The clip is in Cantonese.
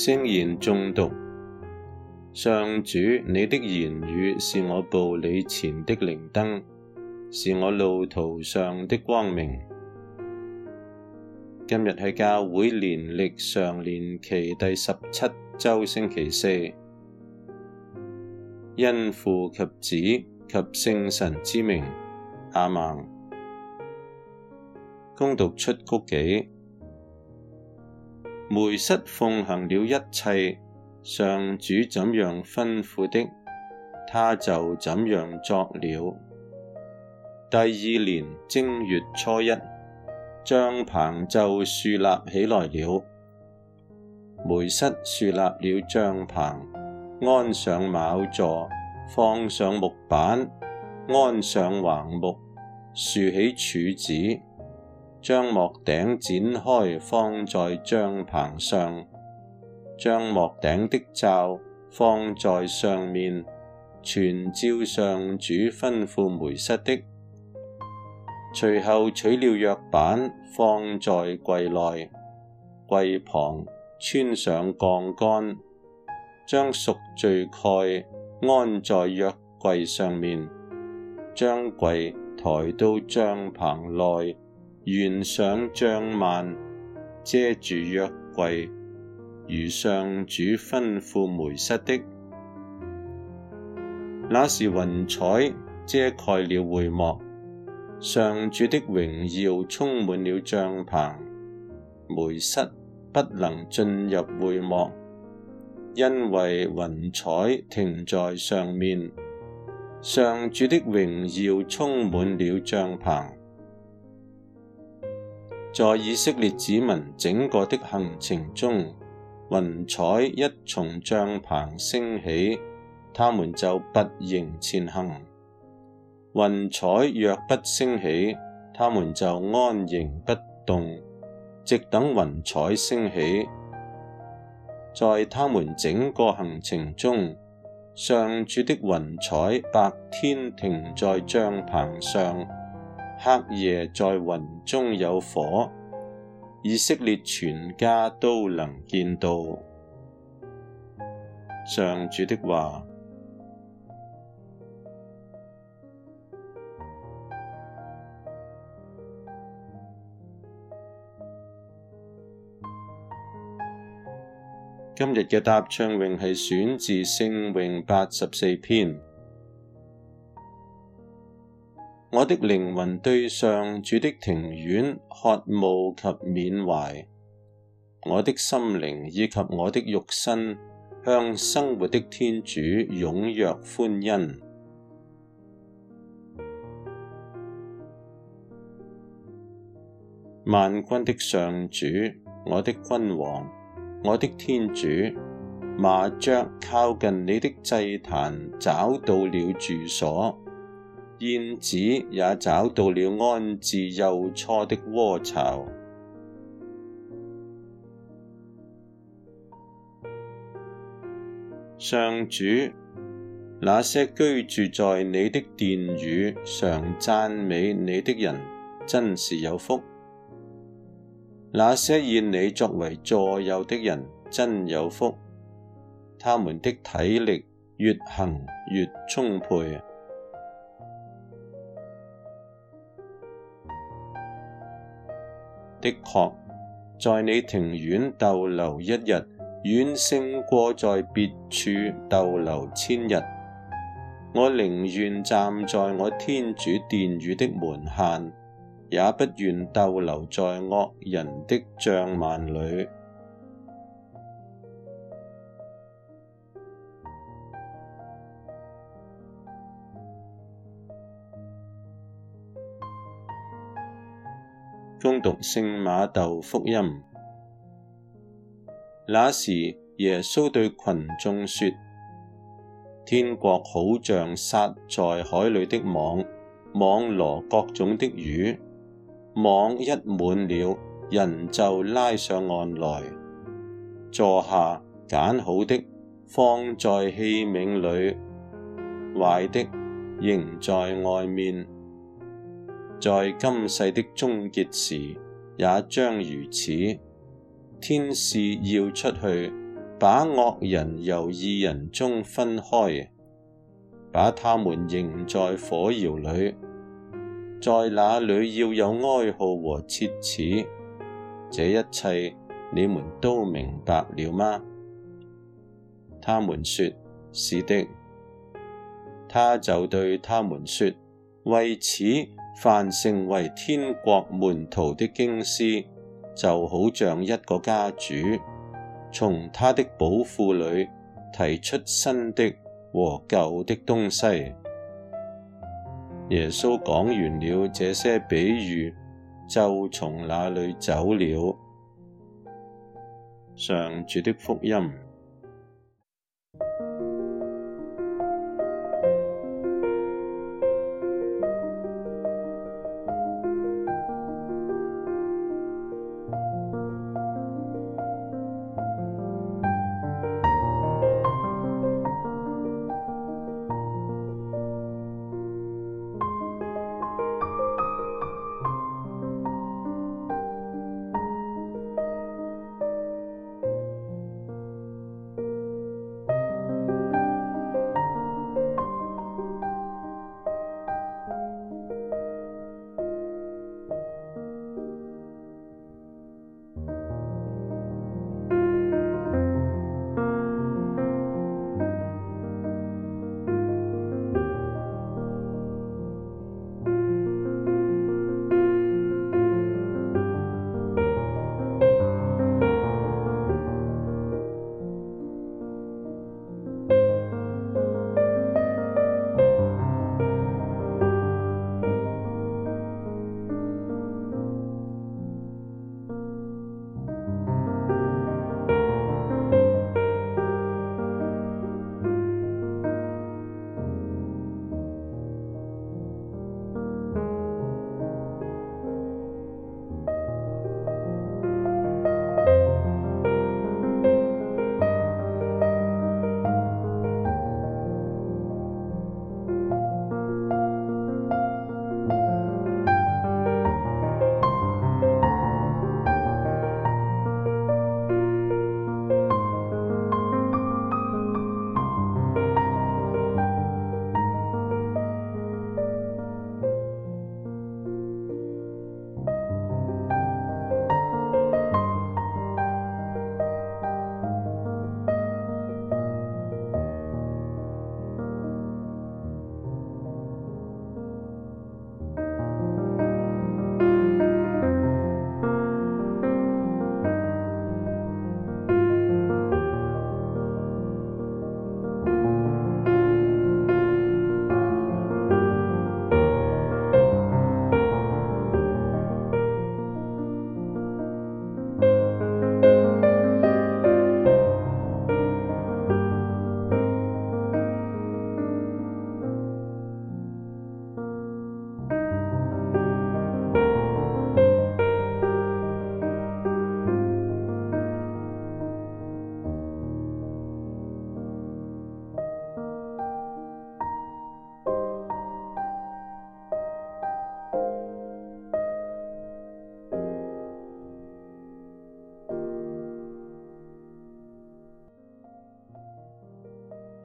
聖言誦讀，上主，你的言語是我步履前的靈燈，是我路途上的光明。今日係教會年曆常年期第十七周星期四，因父及子及聖神之名，亞孟。恭讀出谷紀。梅瑟奉行了一切，上主怎樣吩咐的，他就怎樣作了。第二年正月初一，帳棚就豎立起來了。梅瑟豎立了帳棚，安上卯座，放上木板，安上橫木，豎起柱子。將幕頂展開放在帳棚上，將幕頂的罩放在上面，全照上主吩咐梅瑟的。隨後取了約版放在櫃內，櫃旁穿上槓桿，將贖罪蓋安在約櫃上面，將櫃抬到帳棚內。懸上帳幔，遮住約櫃，如上主吩咐梅瑟的。那時雲彩遮蓋了會幕，上主的榮耀充滿了帳棚。梅瑟不能進入會幕，因為雲彩停在上面。上主的榮耀充滿了帳棚。在以色列子民整個的行程中，雲彩一從帳棚升起，他們就拔營前行；雲彩若不升起，他們就安營不動，直等雲彩升起。在他們整個行程中，上主的雲彩白天停在帳棚上。黑夜在雲中有火，以色列全家都能見到。上主的話。今日嘅答唱詠係選自聖詠八十四篇。我的靈魂對上主的庭院渴慕及緬懷，我的心靈以及我的肉身，向生活的天主踴躍歡欣。萬軍的上主，我的君王，我的天主，麻雀靠近你的祭壇找到了住所。燕子也找到了安置幼雛的窩巢。上主，那些居住在你的殿宇常讚美你的人，真是有福；那些以你作為助佑的人，真有福。他們的體力越行越充沛。的確，在你庭院逗留一日，遠勝過在別處逗留千日。我寧願站在我天主殿宇的門限，也不願逗留在惡人的帳幔裏。恭讀聖瑪竇福音。那時耶穌對群眾說：天國好像撒在海裏的網，網羅各種的魚。網一滿了，人就拉上岸來，坐下，揀好的，放在器皿裏，壞的扔在外面。在今世的終結時，也將如此。天使要出去，把惡人由義人中分開，把他們扔在火窯裏，在那裏要有哀號和切齒。這一切你們都明白了嗎？他們說：是的。他就對他們說。為此，凡成為天國門徒的經師，就好像一個家主，從他的寶庫裏提出新的和舊的東西。耶穌講完了這些比喻，就從那裏走了。上主的福音。